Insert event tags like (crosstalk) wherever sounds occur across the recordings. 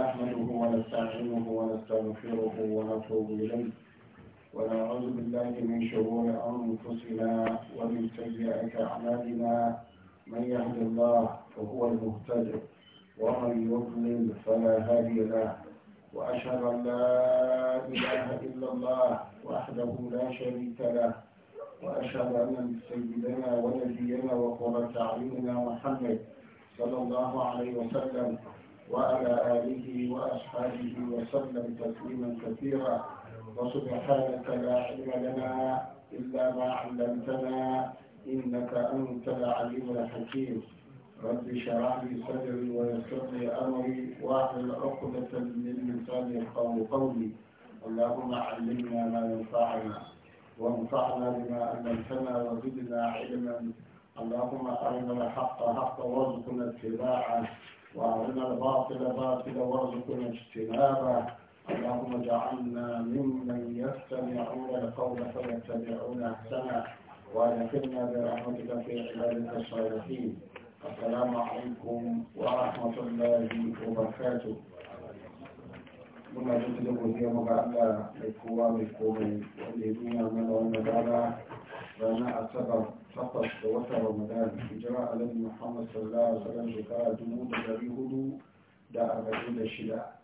نحمده ونستعينه ونستغفره ونتوب إليه ونعوذ بالله من شرور أنفسنا ومن سيئات أعمالنا من يهد الله فهو المهتد ومن يضلل فلا هادي له وأشهد أن لا إله إلا الله وحده لا شريك له وأشهد أن سيدنا ونبينا وقرة أعيننا محمد صلى الله عليه وسلم وعلى آله وأصحابه وسلم تسليما كثيرا وسبحانك لا علم لنا إلا ما علمتنا إنك أنت العليم الحكيم رب اشرح لي صدري ويسر لي أمري واحلل عقدة من لساني يفقهوا قولي اللهم علمنا ما ينفعنا وانفعنا بما علمتنا وزدنا علما اللهم أرنا الحق حقا وارزقنا اتباعه وأرنا الباطل باطلا وارزقنا اجتنابه اللهم اجعلنا ممن يستمعون القول فيتبعون احسنه وادخلنا برحمتك في عبادك الصالحين السلام عليكم ورحمة الله وبركاته muna cikin da godiya muka Allah mai kowa mai komai wanda ya duniya mana wannan rana rana asabar takwas da wata ramadan hijira alaihi muhammad sallallahu alaihi wasallam shekara dubu da dari hudu da arba'in shida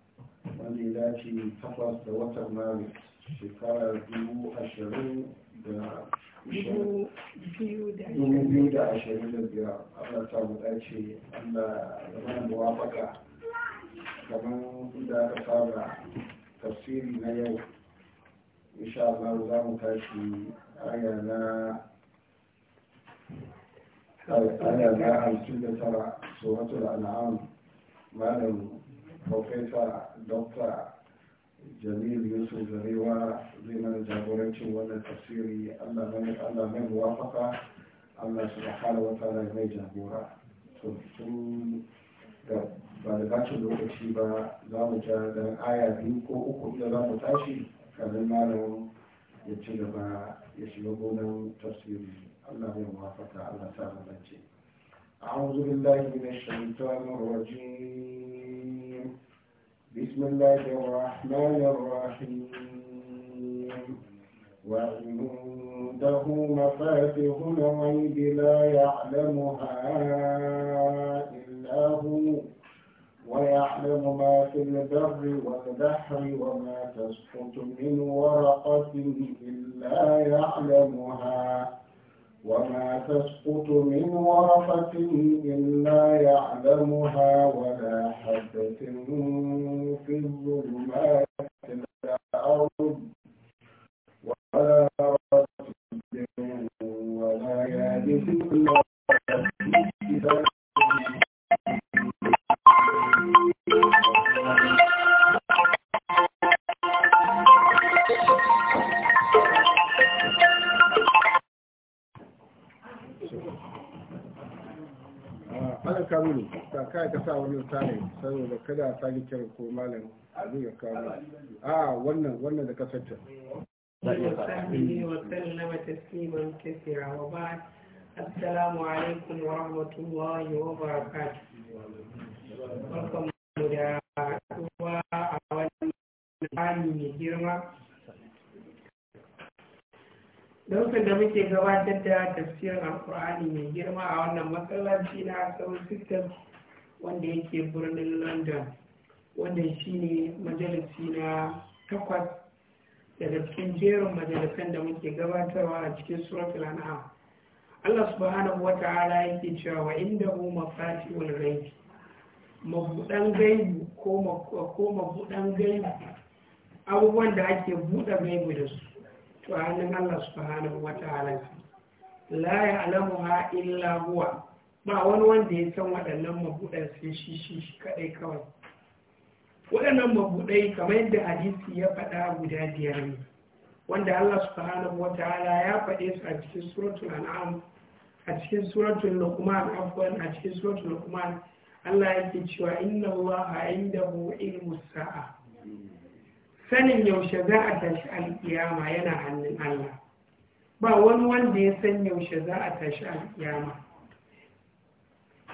wanda ya dace takwas da watan maris shekara dubu ashirin da ashirin da ta mu dace allah da mana muwafaka kamar da aka fara tafsiri na yau insha Allah za mu tashi aya na ana na hamsin da tara suratul malam profesa dokta jamil yusuf zarewa zai mana jagorancin wannan tafsiri allah mai muwafaka allah subhanahu wata ta'ala mai jagora to tun da ba da bacin lokaci ba za mu ja dan aya biyu ko uku da za mu tashi kamin malam ya ci gaba ya shiga gonan tafsiri الله يوافق على ثابتي أعوذ بالله من الشيطان الرجيم بسم الله الرحمن الرحيم وعنده مفاتح الغيب لا يعلمها إلا هو ويعلم ما في البر والبحر وما تسقط من ورقة إلا يعلمها وما تسقط من ورقة إلا يعلمها ولا حبة في الظلمات الأرض ولا رطب ولا يابس إلا malam kawo ne ta kai ka sa wannan misali saboda kada a sake kira ko malam abin ya kawo a wannan wannan da ka assalamu alaikum عليكم ورحمة da muke gabatar da tafsirin alkur'ani mai girma a wannan masallaci na asabar sistem wanda yake birnin london wanda shi ne majalisi na takwas daga cikin jerin majalisan da muke gabatarwa a cikin suratul an'am Allah subhanahu wa ta'ala yake cewa wa inda hu mafatihul ghaib mabudan gaibi ko mabudan gaibi abubuwan da ake buɗe gaibi da su to hannun Allah subhanahu wa ta'ala la ya'lamuha illa huwa ba wani wanda ya san waɗannan mabuɗan sai shi shi shi kaɗai kawai waɗannan mabuɗai kamar yadda hadisi ya faɗa guda biyar ne wanda Allah subhanahu wa ta'ala ya faɗe su a cikin suratul an'am a cikin suratul luqman afwan a cikin suratul luqman Allah yake cewa inna Allah indahu ilmus sa'a sanin yaushe za a tashi alƙiyama yana hannun Allah ba wani wanda ya san yaushe za a tashi alƙiyama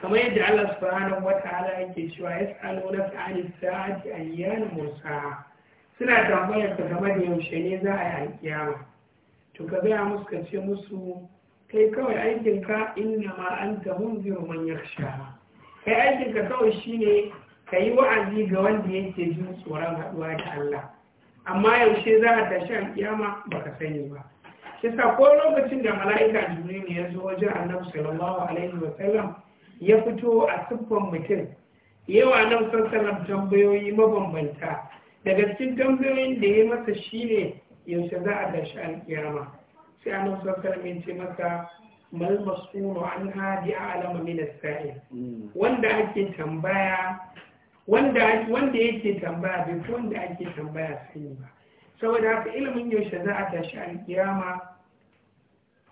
kamar yadda Allah subhanahu wata'ala yake cewa yas'aluna sa'ani sa'ati ayyana musa suna tambayar ka game da yaushe ne za a yi alƙiyama to ka gaya musu ka ce musu kai kawai aikinka inna ma an ta hunziru man yakhsha kai aikinka kawai shine ka yi wa'azi ga wanda yake jin tsoron haɗuwa da Allah amma yaushe za a tashi kiyama ba ka sani ba yasa ko lokacin da mala'ika jibril ya zo wajen annabi sallallahu alaihi wa sallam ya fito a siffan mutum yawa annabi sallallahu tambayoyi mabambanta daga cikin tambayoyin da ya masa shine yaushe za a tashi kiyama sai annabi sallallahu alaihi ya ce masa mal mas'ulu haɗi a a'lamu min hmm. wanda ake tambaya wanda wanda yake tambaya bai fi wanda ake tambaya sani ba saboda haka ilimin yaushe za a tashi alkiyama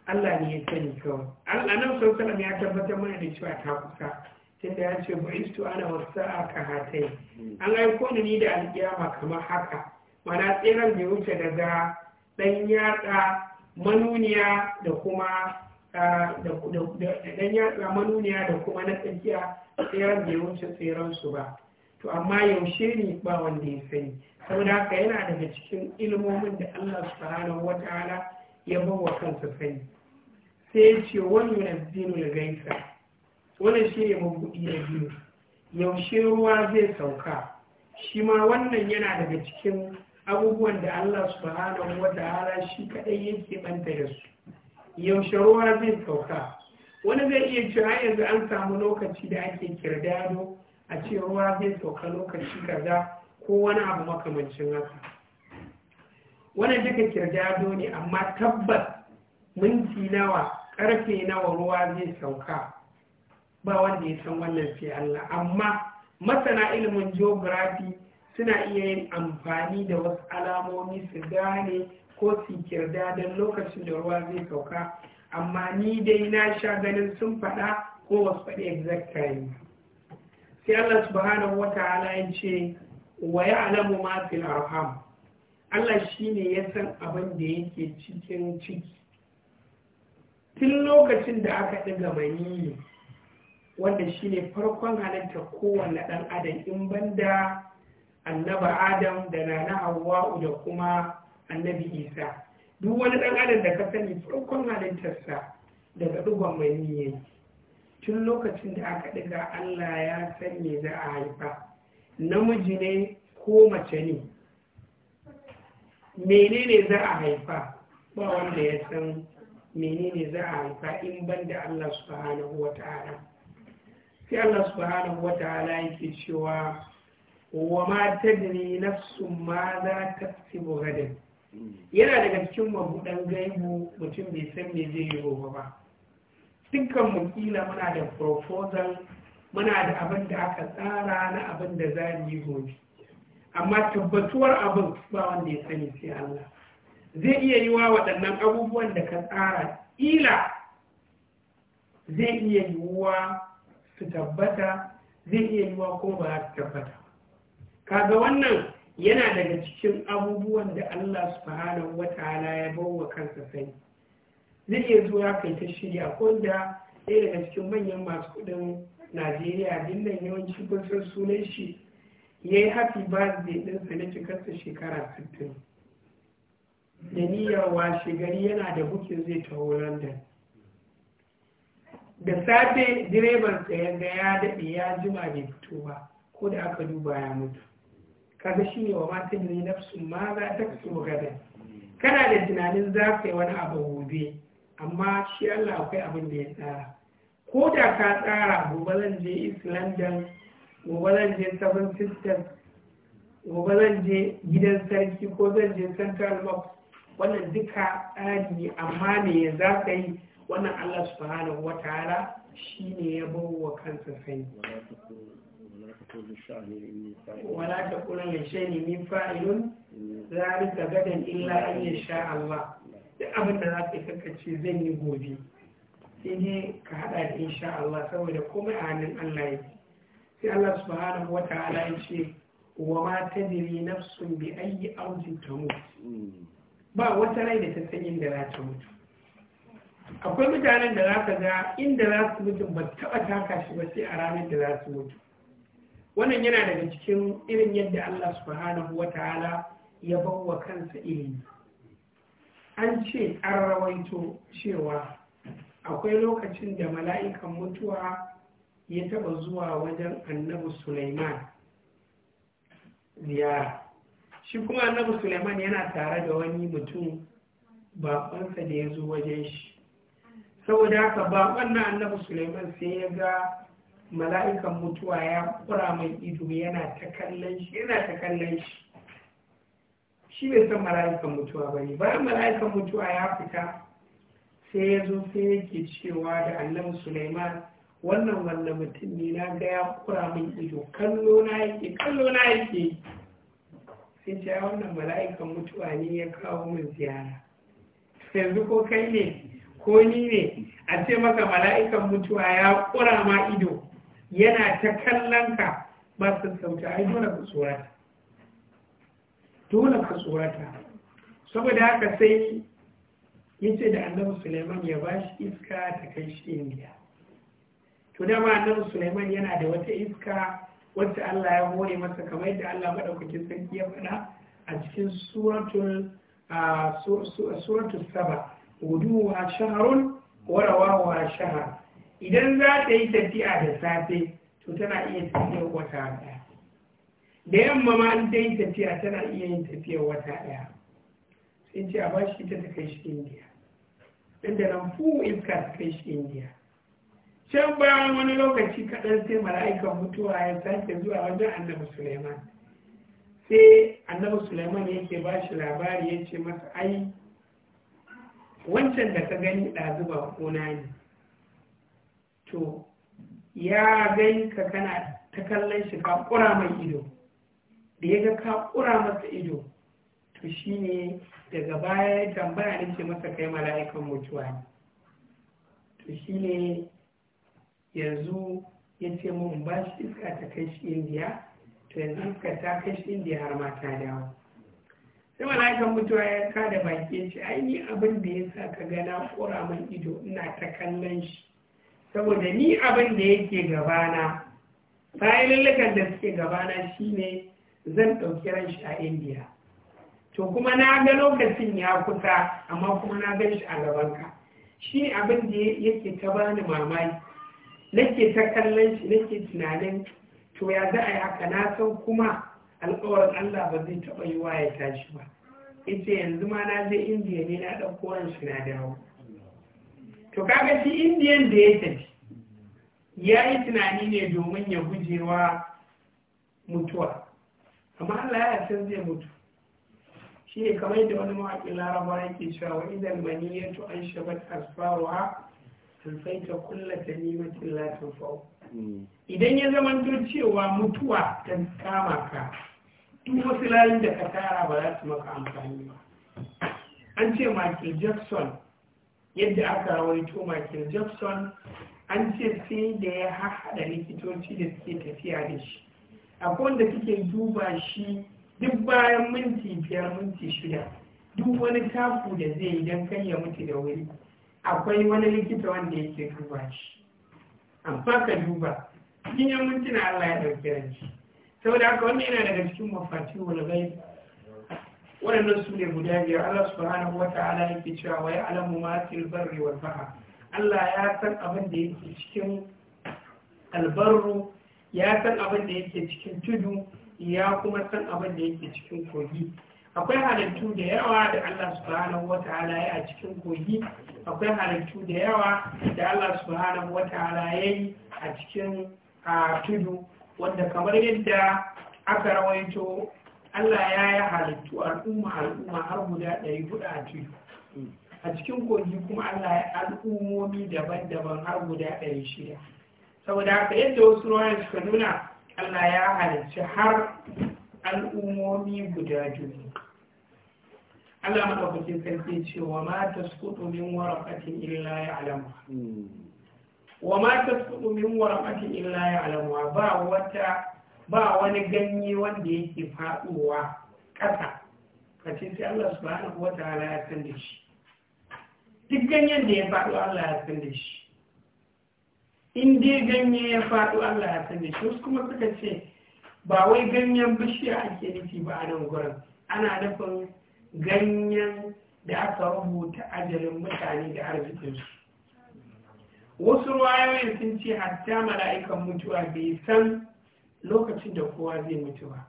Allah ne ya sani kawai nan sauƙalam ya tabbatar mana da cewa ta kusa tunda ya ce su ana wasu aka hatai an aiko ni da alkiyama kamar haka mana tseren bai wuce daga ɗan yatsa manuniya da kuma ɗan yatsa manuniya da kuma na tsakiya tseren bai wuce tseren su ba to amma yaushe ne ba wanda ya sani saboda haka yana daga cikin ilmomin da Allah subhanahu wataala ya wa kansa sani sai ya ce wani zinu da gaisa wannan shine mabuɗi na biyu yaushe ruwa zai sauka shi ma wannan yana daga cikin abubuwan da Allah subhanahu wataala shi kadai yake banta da su yaushe ruwa zai sauka wani zai iya cewa yanzu an samu lokaci da ake kirdado a ce ruwa zai sauka lokaci kaza ko wani abu makamancin haka wannan duka do ne amma tabbas minti nawa karfe nawa ruwa zai sauka ba wanda ya san wannan sai Allah amma masana ilimin geography suna iya yin amfani da wasu alamomi su gane ko su don lokacin da ruwa zai sauka amma ni dai na sha ganin sun faɗa ko wasu faɗi exact time sai Allah subhanahu wa ta'ala ya ce wa ya'lamu ma fil arham Allah shine ya san abin da yake cikin ciki tun lokacin da aka ɗiga maniyi wanda shine farkon halitta kowane ɗan adam in banda annaba adam da na na hawa'u da kuma annabi isa duk wani ɗan adam da ka sani farkon halittarsa daga ɗigon maniyi tun lokacin da aka ɗiga Allah ya san me za a haifa namiji ne ko mace ne menene za a haifa ba wanda ya san menene za a haifa in ban da Allah subhanahu wa ta'ala sai Allah subhanahu wa ta'ala yake cewa wa ma tadri nafsun ma za ta tsibu gadin yana daga cikin mabuɗan gaibu mutum bai san me zai yi gobe ba dukkan mu kila muna da proposal muna da abin da aka tsara na abin da za mu yi gobe amma tabbatuwar abin ba wanda ya sani sai Allah zai iya yi wa waɗannan abubuwan da ka tsara ila zai iya yiwuwa su tabbata zai iya yiwuwa ko ba su tabbata kaga wannan yana daga cikin abubuwan da Allah subhanahu wataala ya bawa kansa sani zai iya zuwa kai ta shirya ko da ɗaya daga cikin manyan masu kuɗin najeriya dinnan yawancin kun sunanshi. sunan shi ya yi happy birthday sa na cikarsa shekara 60 da niyyar washe gari yana da bukin zai taho london da safe direban ya ga ya daɗe ya jima bai fito ba ko da aka duba ya mutu kaga shi ne wa mata ne nafsun ma za ta kasu gadan kana da tunanin za ka yi wani abu gobe amma shi Allah akwai abin da ya tsara ko da ka tsara gobe zan je east london gobe zan je seven sisters gobe zan je gidan sarki ko zan je central box wannan duka tsari ne amma me ya za ka yi wannan Allah subhanahu wa ta'ala shi ne ya bawa kansa sani wala ta kula da shani min fa'ilun zalika gadan illa an yasha Allah duk abin da za ka yi kakace zan yi gobe sai ne ka haɗa da insha Allah saboda komai a hannun Allah ya sai Allah subhanahu wa ta'ala ya ce wa ma ta tadri nafsun bi ayyi ta mu. ba wata rai da ta san inda za ta mutu akwai mutanen da za ka ga inda za su mutu ba taɓa taka shi ba sai a ranar da za su mutu wannan yana daga cikin irin yadda Allah subhanahu wa ta'ala ya bawa kansa ilimi an ce an rawaito cewa akwai lokacin da mala'ikan mutuwa ya taɓa zuwa wajen annabi suleiman ziyara shi kuma annabi suleiman yana tare da wani mutum bakonsa da ya zo wajen shi saboda haka bakon na annabi suleiman sai ya ga mala'ikan mutuwa ya kura mai ido yana ta yana ta kallon shi shi bai san mala'ikan mutuwa ba ne bayan mala'ikan mutuwa ya fita sai ya zo sai yake cewa da annabi suleiman wannan wannan mutum ne na ga ya kura min ido kallo na yake kallo na yake sai ce wannan mala'ikan mutuwa ne ya kawo min ziyara yanzu ko kai ne ko ni ne a ce maka mala'ikan mutuwa ya kura ma ido yana ta kallon ka ba su sauta ai dole ku tsorata dole ka tsorata saboda haka sai ce da annabi suleiman ya ba shi iska ta kai shi indiya to dama annabi suleiman yana da wata iska wacce allah ya hore masa kamar yadda allah kuke sarki ya faɗa a cikin suratul saba guduwa shaharun wa shahar idan za ta yi tafiya da safe to tana iya tafiya wata ɗaya da yamma ma an dai tafiya tana iya yin tafiya wata ɗaya sai ce a ba shi ita ta kai shi indiya ɗan da nan fu iska ta kai shi indiya can bayan wani lokaci kaɗan sai mala'ikan mutuwa ya sake zuwa wajen annabi suleiman sai annabi suleiman yake ba shi labari ya ce masa ai wancan da ka gani ɗazu ba kona ne to ya gani ka kana ta kallon shi ka ƙura mai ido da ya ga ka kura masa ido to shi ne daga baya ya tambaya ne ce masa kai mala'ikan mutuwa ne to shi ne yanzu ya ce mun ba shi iska ta kai shi indiya to yanzu iska ta kai shi indiya har ma ta dawo sai mala'ikan mutuwa ya ka da baki ya ce ai ni abin da ya sa ka gana kura man ido ina ta kallon shi saboda ni abin da yake gabana bayan lallakan da suke gabana shine zan ɗauki ran shi a indiya to kuma na ga lokacin ya kusa amma kuma na gan shi a gabanka shi abin da yake ta bani mamaki nake ta kallon shi nake tunanin to ya za a yi haka na san kuma alkawarin allah ba zai taɓa yi wa ya tashi ba ita yanzu ma na je indiya ne na ɗauko ran shi na dawo to kaga shi indiyan da ya tafi ya yi tunani ne domin ya gujewa mutuwa amma Allah ya san zai mutu shi ne kamar yadda wani mawaƙin laraba yake cewa wa idan to an shabat asfaruha ta kulla tanimatin la tanfa'u idan ya zama to cewa mutuwa ta kama ka duk wasu layin da ka tara ba za su maka amfani ba an ce Michael Jackson yadda aka rawaito Michael Jackson an ce sai da ya haɗa likitoci da suke tafiya da shi akwai wanda kike duba shi duk bayan minti biyar minti shida duk wani kafu da zai yi don kan ya mutu da wuri akwai wani likita wanda yake duba shi amma ka duba cikin yan mintuna Allah ya ɗauki ranci saboda haka wannan yana daga cikin mafati walgai waɗannan su ne guda biyar Allah subhanahu wa ta'ala yake cewa wa ya'lamu ma fil barri wal bahr Allah ya san abin da yake cikin albarru ya san abin da yake cikin tudu ya kuma san abin da yake cikin kogi akwai halittu da yawa da Allah subhanahu wata'ala ya a cikin kogi akwai halittu da yawa da Allah subhanahu wata'ala ya yi a cikin tudu wanda kamar yadda aka rawaito Allah ya yi halittu al'umma al'umma har guda ɗari hudu a tudu a cikin kogi kuma Allah ya al'ummomi daban-daban har guda ɗari shida saboda haka yadda wasu ruwan suka nuna allah ya halarci har al'ummomi guda biyu allah maɗaukakin sarki cewa ma ta skuɗu min warakatin illa ya alamu wa ma ta skuɗu min warakatin illa ya alamu ba wata ba wani ganye wanda yake faɗowa ƙasa kace sai Allah subhanahu wataala ya san da shi duk ganyen da ya faɗo Allah ya san da shi in dai ganye ya faɗo allah ya san shi kuma suka ce ba wai ganyen bishiya ake nufi ba a nan gurin ana nufin ganyen da aka rubuta ajalin mutane da arzikinsu wasu ruwayoyi sun ce hatta mala'ikan mutuwa bai san lokacin da kowa zai mutu ba."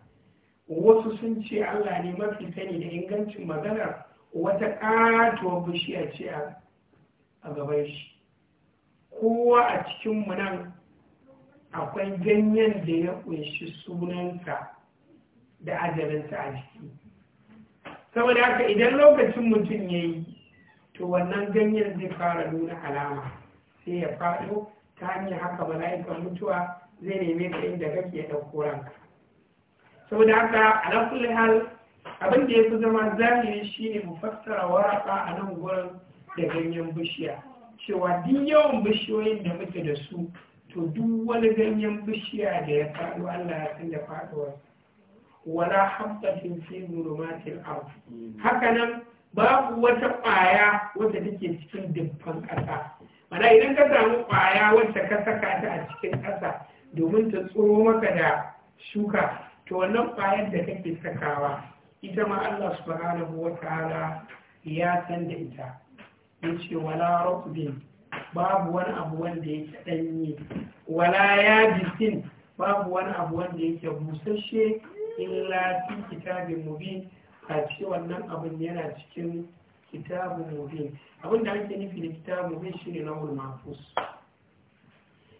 wasu sun ce allah ne mafi sani da ingancin maganar wata ƙatuwar bishiya ce a gaban shi kowa a cikinmu nan akwai ganyen da ya kunshi sunansa da ajalinsa a jiki saboda haka idan lokacin mutum ya yi to wannan ganyen zai fara nuna alama sai ya faɗo ta hanyar haka mala'ikan mutuwa zai neme ka inda kake ya ɗauko ranka saboda haka ala kulli hal abin da ya fi zama zahiri shine mu fassara waraka a nan gurin da ganyen bishiya cewa duk yawan bishiyoyin da muke da su to duk wani ganyen bishiya da ya faɗo Allah ya san da faɗuwar wala habbatin fi zulumatil ard haka nan babu wata ƙwaya wadda take cikin dubban ƙasa mana idan ka samu ƙwaya wacce ka saka ta a cikin ƙasa domin ta tsoro maka da shuka to wannan ƙwayar da kake sakawa ita ma Allah subhanahu wa ta'ala ya san da ita ya wala rukbin babu wani abu wanda yake ɗanye wala ya yabisin babu wani abu wanda yake busasshe illa fi kitabin mubin a ce wannan abin yana cikin kitabin mubin abin da ake nufi da kitabin mubin shine lawul mahfuz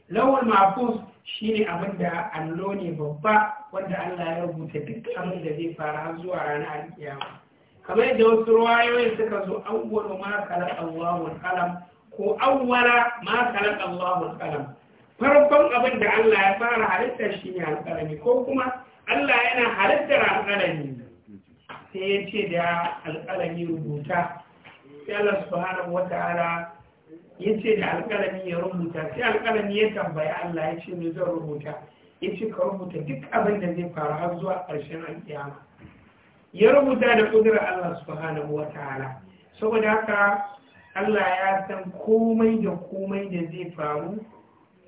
lawul mahfuz shine abin da allo ne babba wanda Allah ya rubuta duk abin da zai fara zuwa ranar kiyama kamar yadda wasu ruwayoyin suka zo awwalu ma khalaq Allahu al-qalam ko awwala ma khalaq Allahu al-qalam farkon abin da Allah ya fara halitta shi al-qalami ko kuma Allah yana halittar al-qalami sai ya ce da al-qalami rubuta sai Allah subhanahu wata'ala ya ce da al ya rubuta sai al ya tambaya Allah ya ce me zan rubuta ya ce ka rubuta duk abin da zai faru har zuwa ƙarshen alƙiyama ya rubuta da kudurar Allah subhanahu wa ta'ala saboda haka Allah ya san komai da komai da zai faru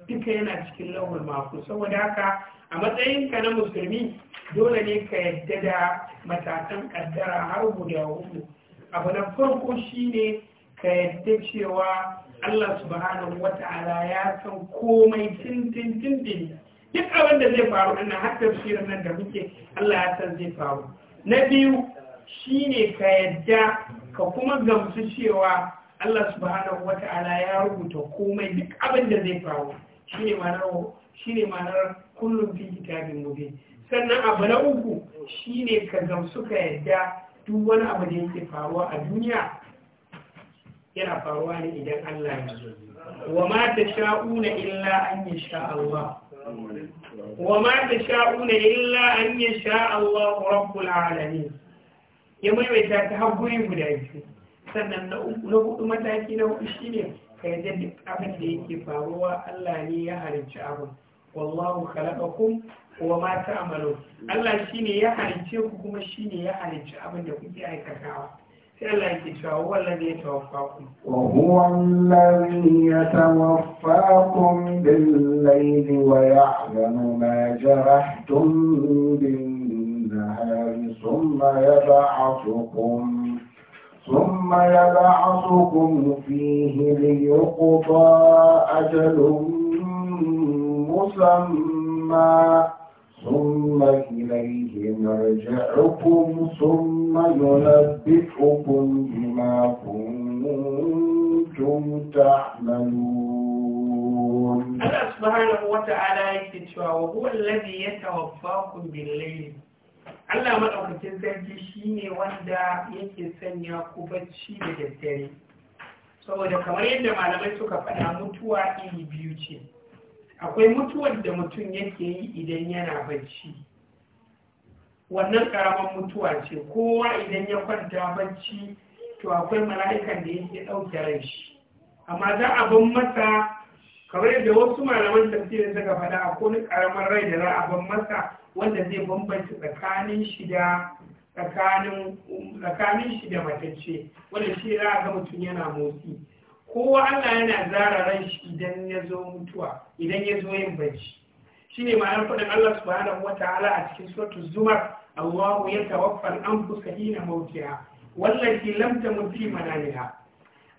duka yana cikin lauhul mafu saboda haka a matsayinka na musulmi dole ne ka yadda da matakan kaddara har guda hudu abu na farko shine ka yadda cewa Allah subhanahu wa ta'ala ya san komai tintin tintin duk abin zai faru ina har tafsirin nan da muke Allah ya san zai faru na biyu ne ka yadda ka kuma gamsu cewa Allah subhanahu wata'ala ya rubuta komai duk abin da zai faru shine ne ma'anar kullum fi kitabin mubin sannan abu na uku shi ne ka gamsu ka yadda duk wani abu da yake faruwa a duniya yana faruwa ne idan Allah ya zo wa ma sha'una illa an yi Allah وما تشاءون إلا أن يشاء الله رب العالمين ya maimaita ta hagguri guda biyu sannan na hudu mataki na hudu shine ka yadda duk abin da yake faruwa Allah ne ya halicci abin wallahu khalaqakum wa ma ta'malun Allah shine ya halicce ku kuma shine ya halicci abin da kuke aikatawa وهو الذي يتوفاكم وهو الذي يتوفاكم بالليل ويعلم ما جرحتم بالنهار ثم يبعثكم ثم يبعثكم فيه ليقضى أجل مسمى ثم إليه مرجعكم ثم ينبئكم بما كنتم تعملون الله سبحانه وتعالى يكتشفى وهو الذي يتوفاكم بالليل Allah maɗaukacin sarki shine wanda yake sanya ku bacci da daddare saboda kamar yadda malamai suka faɗa mutuwa iri biyu ce akwai mutuwar da mutum yake yi idan yana bacci wannan karamar mutuwa ce kowa idan ya kwanta bacci to akwai mala'ikan da yake ɗauke ran shi amma za a ban masa kamar yadda wasu malaman tafsirin suka faɗa a kone karamar rai da za a ban masa wanda zai bambanci tsakanin shi da tsakanin shi da matacce wanda shi za a ga mutum yana motsi kowa Allah yana zara ran shi idan ya zo mutuwa idan ya zo yin bacci shine ma'anar faɗin Allah wata ala a cikin suratul zumar Allahu yatawaffa al-anfusa Wannan mautiha wallati lam mana fi manamiha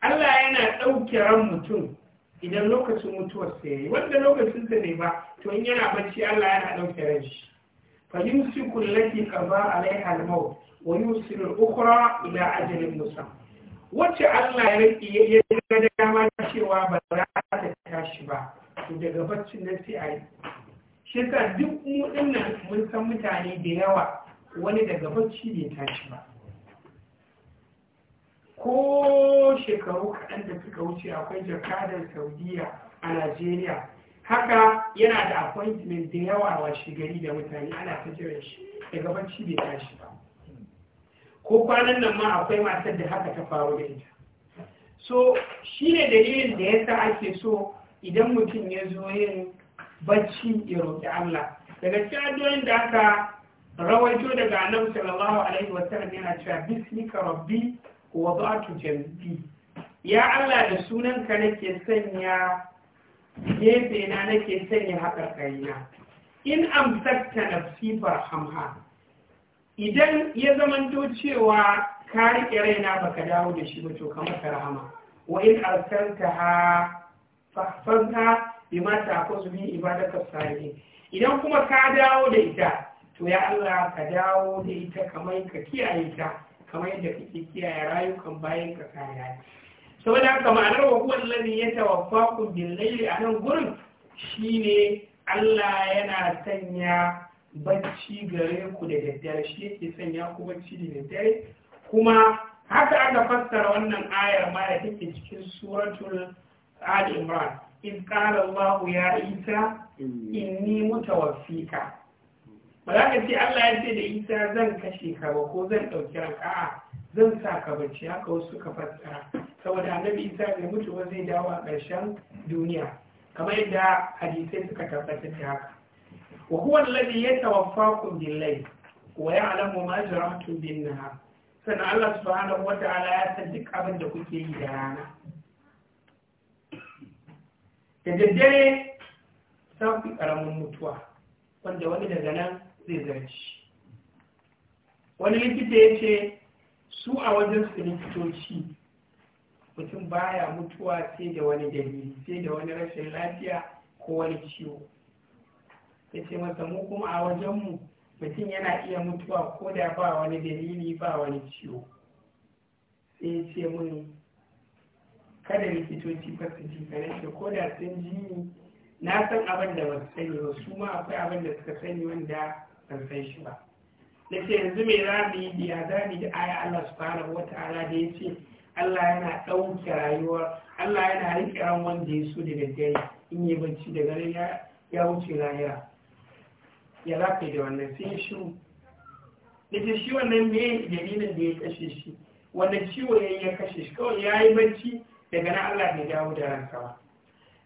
Allah yana ɗauke ran mutum idan lokacin mutuwar ya yi wanda lokacinsa ne ba to in yana bacci Allah yana ɗauke ran shi fa yumsiku allati qada alaiha al-maut wa yusilu al-ukhra ila ajalin musamma wacce Allah ya rike ya ga dama cewa ba za ta tashi ba to daga baccin nan sai a shi sa duk mu dinnan mun san mutane da yawa wani daga bacci bai tashi ba ko shekaru kaɗan da suka wuce akwai jakadar saudiya a najeriya haka yana da appointment da yawa wa shigari da mutane ana ta jiran shi daga bacci bai tashi ba ko kwanan nan ma akwai matar da haka ta faru da ita so shi ne dalilin da ya sa ake so idan mutum ya zo yin bacci ya roƙi Allah daga cikin da aka rawaito daga annabi sallallahu alaihi wa sallam yana cewa bismika rabbi wa da'atu jambi ya Allah da sunanka nake sanya gefe na nake sanya haƙarƙari na in amsakta nafsi farhamha idan ya zamanto cewa ka riƙe raina baka dawo da shi ba to ka rahama wa in arsalta ha ta ko ta'khudhu bi ibadaka salihin idan kuma ka dawo da ita to ya Allah ka dawo da ita kamar ka kiyaye ta kamar yadda kake kiyaye rayukan bayan ka kariya saboda haka ma'anar wa huwa allazi yatawaffakum bil layli a nan gurin shine Allah yana sanya bacci gare ku da daddare shi yake sanya ku bacci da daddare kuma haka aka fassara wannan ayar ma da take cikin suratul ali imran in qala allah ya isa inni mutawaffika ba za ka ce allah ya ce da isa zan kashe ka ba ko zan ɗauki ranka a zan sa ka bacci haka wasu ka fassara saboda annabi isa bai mutuwa zai dawo a ƙarshen duniya kamar yadda hadisai suka tabbatar da haka وهو الذي يتوفاكم بالليل ويعلم ما جرحتم بالنهار سنة الله سبحانه وتعالى يصدق أبدا كي يدانا تجدري sauki ƙaramin mutuwa wanda wani daga nan zai zarci wani likita ya ce su a wajen su likitoci mutum baya mutuwa sai da wani dalili sai da wani rashin lafiya ko wani ciwo ya ce masa mu kuma a wajenmu mutum yana iya mutuwa ko da ba wani dalili ba wani ciwo sai ya ce mun kada likitoci ba su ji kare shi ko da sun ji ni na san abin da ba su sani ba su ma akwai abin da suka sani wanda ban san shi ba na ce yanzu me za da yi biya za aya Allah aya Allah wata ala da ya ce Allah yana ɗauke rayuwa. Allah yana riƙe ran wanda ya so da daddare in yi bacci daga nan ya wuce lahira ya lafi yi da wannan sai ya shiru da ke shi wannan dalilin da ya kashe shi wanda ciwo ya ya kashe shi kawai ya yi barci, daga na Allah bai dawo da ranka ba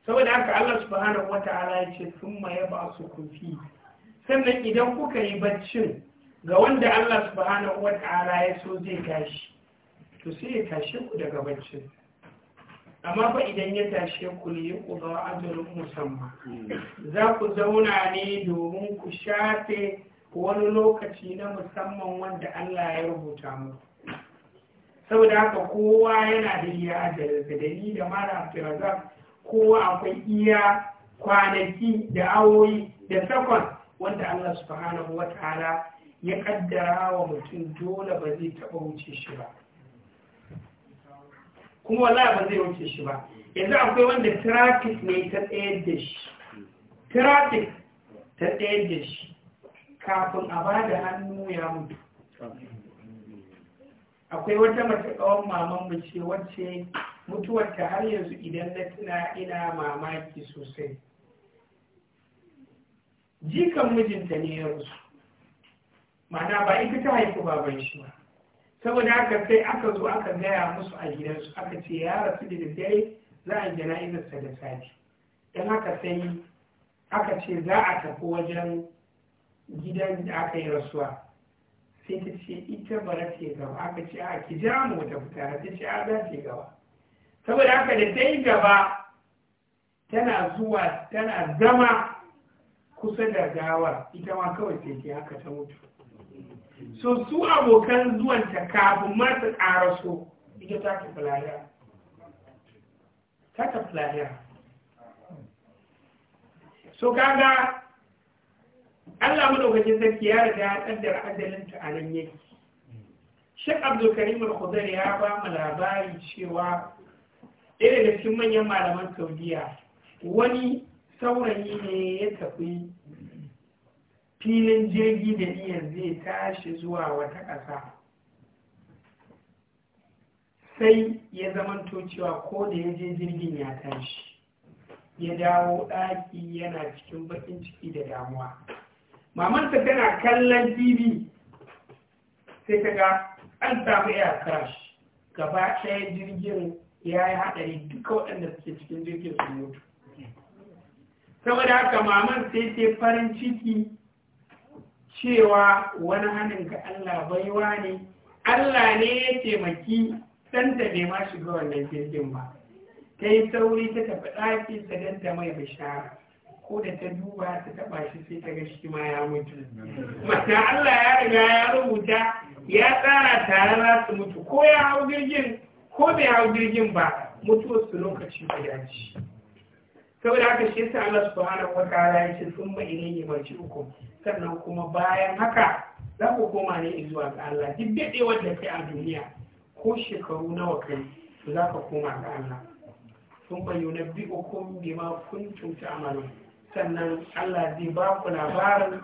saboda haka Allah subhanahu wata'ala ya ce sun ma ya ba su kufi sannan idan kuka yi barcin, ga wanda Allah subhanahu wata'ala ya so zai tashi to sai ya tashi ku daga barcin. amma ba idan ya tashe ku ne ku ga ajalin musamman hmm. za ku zauna ne domin ku shafe wani lokaci na musamman wanda Allah ya rubuta muku saboda haka kowa yana da iya ajalin da ni da mara firaza kowa akwai iya kwanaki da awoyi da sakon wanda Allah subhanahu wa ya kaddara wa mutum dole ba zai taɓa wuce shi ba kuma wallahi ba zai wuce shi ba yanzu akwai wanda traffic ne ta tsaye da shi traffic ta tsaye da shi kafin a ba da hannu ya mutu akwai wata mace kawon maman mu ce wacce ta har yanzu idan na tuna ina mamaki sosai jikan mijinta ne ya rusu ma'ana ba ita ta haifi baban shi ba saboda haka sai aka zo aka gaya musu a gidansu aka ce ya rasu da daddare za a jana'izarsa da sati don haka sai aka ce za a tafi wajen gidan da aka yi rasuwa sai ta ce ita bara ce gaba aka ce a ki ja mu ta fita ta ce a za ce gaba saboda haka da ta yi gaba tana zuwa tana zama kusa da gawar ita ma kawai sai ke haka ta mutu so su abokan zuwanta kafin ma su ƙaraso ita ta tafi lahira ta tafi lahira so kaga Allah madaukakin sarki ya riga ya kaddara adalinta a nan yake Sheikh Abdulkarim Karim Al-Khudar ya ba mu labari cewa ɗaya daga cikin manyan malaman Saudiya wani saurayi ne ya tafi filin jirgi da iya zai tashi zuwa wata ƙasa sai ya zamanto cewa ko da ya je jirgin ya tashi ya dawo ɗaki yana cikin baƙin ciki da damuwa mamansa tana kallon tv sai ta ga an samu air crash gaba ɗaya jirgin ya yi haɗari duka waɗanda suke cikin jirgin su mutu saboda haka maman sai sai farin ciki cewa wani hannun ga Allah baiwa ne Allah ne ya taimaki ɗanta bai ma shiga wannan jirgin ba ta yi sauri ta tafi ɗaki ta danta mai bishara ko da ta duba ta taɓa shi sai ta ga ma ya mutu mata Allah ya riga ya rubuta ya tsara tare za su mutu ko ya hau jirgin ko bai hau jirgin ba mutuwar su lokaci ya dace. saboda haka shi yasa Allah subhanahu wa ta'ala ya ce sun ba mai uku. sannan kuma bayan haka za ku koma ne zuwa ga Allah duk dadewar da kai a duniya ko shekaru nawa kai za ka koma ga Allah sun bayyana ma kun kuntum amalu sannan Allah zai ba ku labarin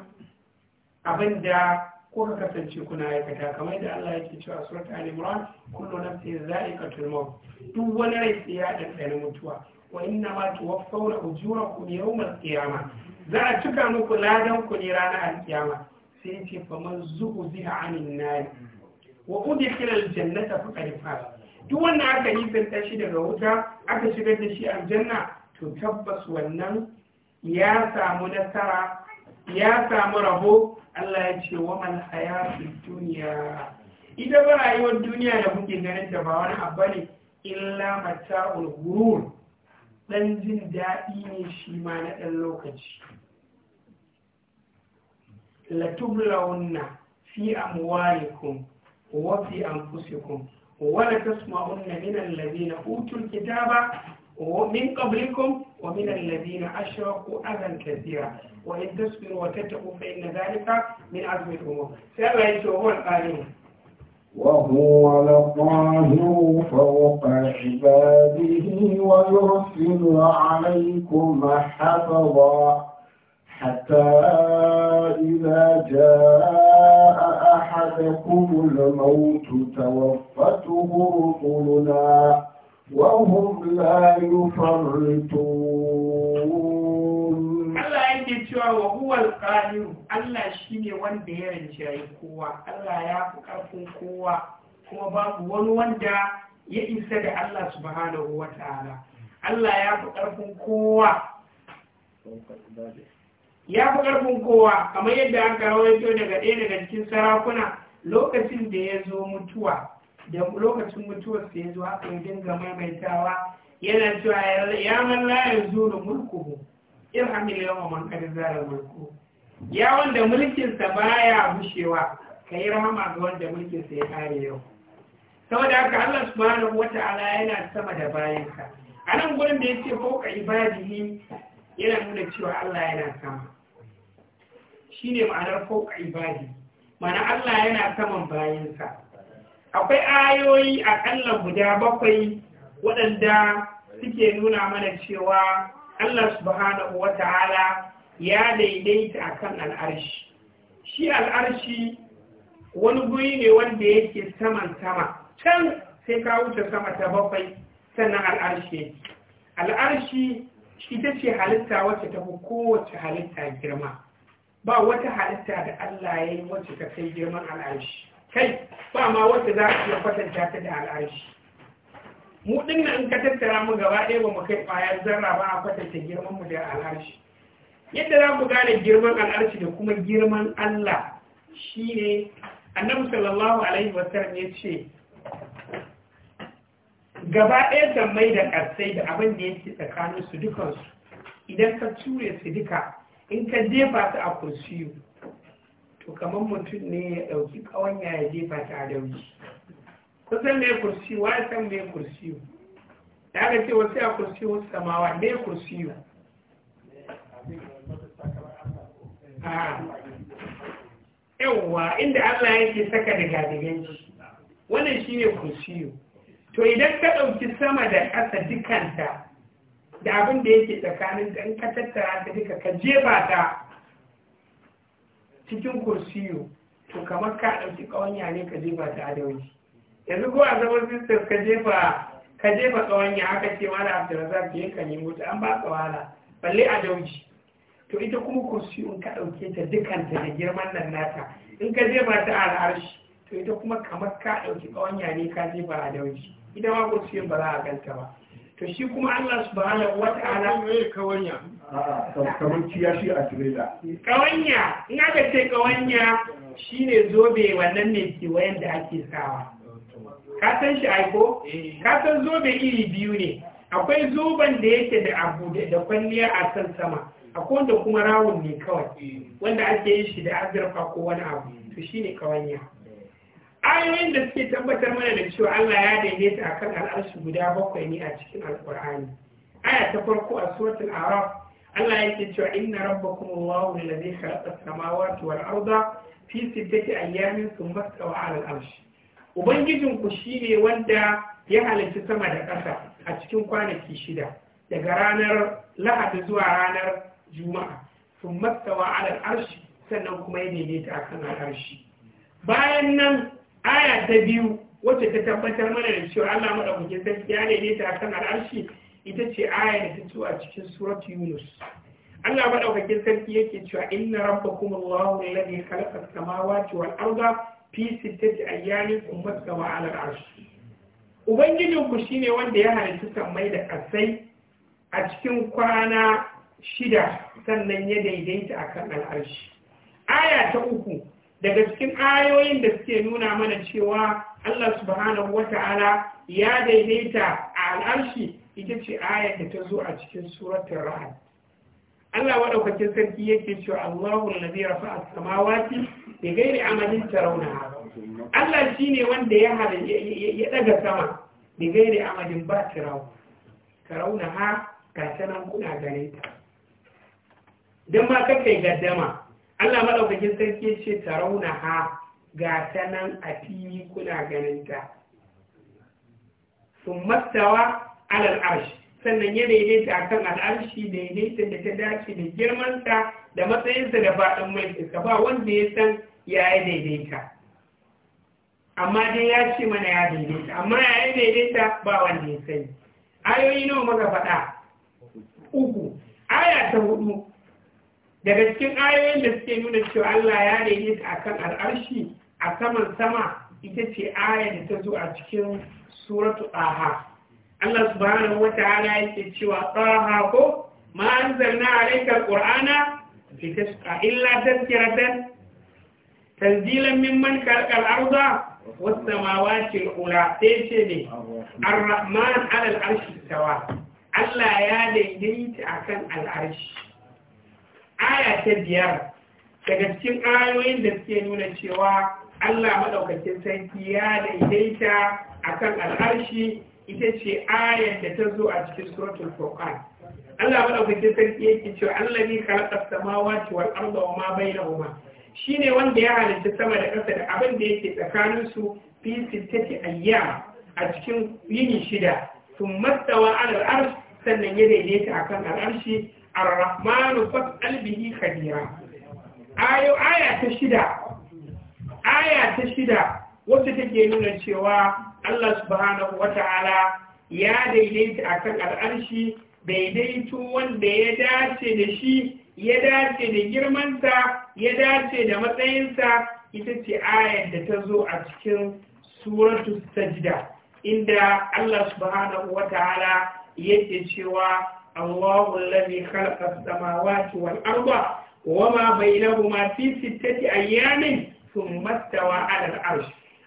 abinda ko ka kasance kuna aikata kamar da Allah yake cewa surat al-imran kullu nafsin za'iqatul maut duk wani rai sai ya dandana mutuwa wa inna ma tuwaffawna ujurakum yawmal qiyamah za a cika muku ladan ku ne ranar alkiyama sai ce fa man zuhziha anin nar wa udkhila aljannata faqad faz duk wanda aka yi zanta shi daga wuta aka shigar da shi aljanna to tabbas wannan ya samu nasara ya samu rabo Allah ya ce wa man hayatu duniya ita ba rayuwar duniya da kuke ganin dabawan ba wani abu ne illa mata'ul ghurur ɗan jin daɗi ne shi ma na ɗan lokaci. la launa fi amwalikum wa fi anfusikum wa la tasma'unna min alladhina utul kitaba wa min qablikum wa min alladhina ashraku adan kathira wa in tasbiru wa tattaqu fa inna dhalika min azmi al-umur sai Allah ya ce وهو لقاه فوق عباده ويرسل عليكم حفظا حتى إذا جاء أحدكم الموت توفته رسلنا وهم لا يفرطون cewa wa huwal qahiru Allah shine wanda ya rinjayi kowa Allah ya fi karfin kowa kuma babu wani wanda ya isa da Allah subhanahu wata'ala Allah ya fi karfin kowa ya fi karfin kowa kamar yadda aka rawaito daga ɗaya daga cikin sarakuna lokacin da ya zo mutuwa da lokacin mutuwar sa ya zo aka yi dinga maimaitawa yana cewa ya man la yanzu mulkuhu irhamil da man zara mulku ya wanda mulkinsa baya bushewa ka yi rahama ga wanda mulkinsa ya kare yau saboda haka Allah subhanahu wata'ala yana sama da bayansa a nan gurin da yace fauka ibadihi yana nuna cewa Allah yana sama shine ma'anar ka ibadi mana Allah yana saman bayansa akwai ayoyi kallon guda bakwai waɗanda suke nuna mana cewa Allah subhanahu wa ta'ala ya daidaita akan al'arshi shi al'arshi wani guri ne wanda yake saman sama can sai ka wuce sama ta bakwai sannan al'arshi al'arshi ita ce halitta wacce ta fi kowace halitta girma ba wata halitta da Allah ya yi wacce ta kai girman al'arshi kai ba ma wacce za a iya kwatanta ta da al'arshi mu din in ka tattara mu gaba ɗaya ba mu kai ƙwayar zarra ba a kwatanta girman mu da al'arshi yadda za mu gane girman al'arshi da kuma girman Allah shine annabi sallallahu alaihi sallam ya ce gaba ɗaya da mai da ƙarsai da abin da yake tsakanin su dukansu idan ka ture su duka in ka jefa su a kursiyu to kamar mutum ne ya ɗauki ƙawanya ya jefa ta a dauki kusan mai kursi wa san mai kursi ya ga ce wasu ya kursi wasu samawa mai kursi ah. yawwa inda Allah yake saka da gadigan shi wannan ne kursi to idan ka ɗauki sama da ƙasa dukanta da abin da yake tsakanin ɗan in ka tattara ta duka ka jefa ta cikin kursi. to kamar ka ɗauki ƙawanya ne ka jefa ta adauki yanzu ko a zaman sistas ka jefa ka jefa tsawanya aka ce mala abdulrazak da yanka yi mutu an ba ka wahala balle a dauji to ita kuma kursi in ka dauke ta dukanta da girman nan nata in ka jefa ta a harshe to ita kuma kamar ka ɗauki tsawanya ne ka jefa a dauji ita ma kursi ba za a ganta ba to shi kuma Allah subhanahu wa ta'ala ne kawanya kamar kiyashi a tirela kawanya in aka ce kawanya shine zobe wannan ne wayan da ake sawa ka san shi aiko eh. ka san zobe iri biyu ne akwai zoben da yake da abu da kwalliya a san sama akwai wanda kuma rawun ne kawai eh. wanda ake yin shi da azurfa ko wani abu eh. to shi shine kawanya ayoyin da suke tabbatar mana da cewa Allah ya daidaita kan al'arshi guda bakwai ne a cikin alkur'ani aya ta farko a suratul araf Allah ya ce cewa inna rabbakum Allahu alladhi khalaqa as-samawati wal arda fi sittati ayyamin thumma istawa 'ala al arsh ubangijinku shi ne wanda ya halarci sama da ƙasa a cikin kwanaki shida daga ranar lahadi zuwa ranar juma'a sun matsawa alal arshi sannan kuma ya daidaita a kan al'arshi bayan nan aya ta biyu wacce ta tabbatar mana da cewa allah maɗaukakin sarki ya daidaita a kan al'arshi ita ce aya da ta zo a cikin surat yunus allah maɗaukakin sarki yake cewa inna rabbakum allahu alladhi khalaqa samawati wal arda fi sittati ayyamin ummatuka wa ala ubangijin ku shine wanda ya halitta mai da kasai a cikin kwana shida sannan ya daidaita akan al'arshi aya ta uku daga cikin ayoyin da suke nuna mana cewa Allah subhanahu wata'ala ya daidaita a al'arshi ita ce ayar da ta zo a cikin suratul ra'd Allah madaukakin sarki yake ce Allahu allazi rafa as-samawati bi ghairi amalin tarawnaha Allah shine wanda ya hada ya daga sama bi ghairi amalin ba tarawu tarawnaha ga sanan kuna gare ta dan ma kake gaddama Allah madaukakin sarki yake yace tarawnaha ga sanan a fili kuna ganin ta sun mastawa alal arshi sannan ya daidaita akan al'arshi daidaita da ta dace da girmanta da matsayinsa da faɗin mulkinsa ba wanda ya san ya yi daidaita amma dai ya ce mana ya daidaita amma ya yi daidaita ba wanda ya sani ayoyi nawa muka faɗa uku aya ta hudu daga cikin ayoyin da suke nuna cewa Allah ya daidaita akan al'arshi a saman sama ita ce aya da ta zo a cikin suratu aha Allah subhanahu wa ta'ala yake cewa tsaha ko ma anzalna alaikal qur'ana A illa tadhkiratan tanzilan mimman khalaqal arda was samawati al ula sai ne ar-rahman ala al-arshi tawa Allah ya daidaita akan al aya ta biyar daga cikin ayoyin da suke nuna cewa Allah madaukakin sarki ya daidaita akan al ita ce ayar da ta zo a cikin suratul furqan Allah madaukakin sarki yake cewa allazi khalaqa samawati wal arda wa ma bainahuma shine wanda ya halitta sama da ƙasa da abin da yake tsakanin su fi sittati ayyam a cikin yini shida thumma stawa ala al-arsh sannan ya daidaita akan al-arshi ar-rahmanu fas'al bihi khabira ayo aya ta shida aya ta shida wacce take nuna cewa Allah subhanahu ta'ala ya daidaita kan al'arshi daidaito wanda ya dace da shi ya dace da girmansa ya dace da matsayinsa ita ce ayar da ta zo a cikin suratu sajda inda Allah subhanahu ta'ala yake cewa Allahu alladhi khalaqa as-samawati wal arda wama bainahuma fi sittati ayamin thumma istawa 'ala al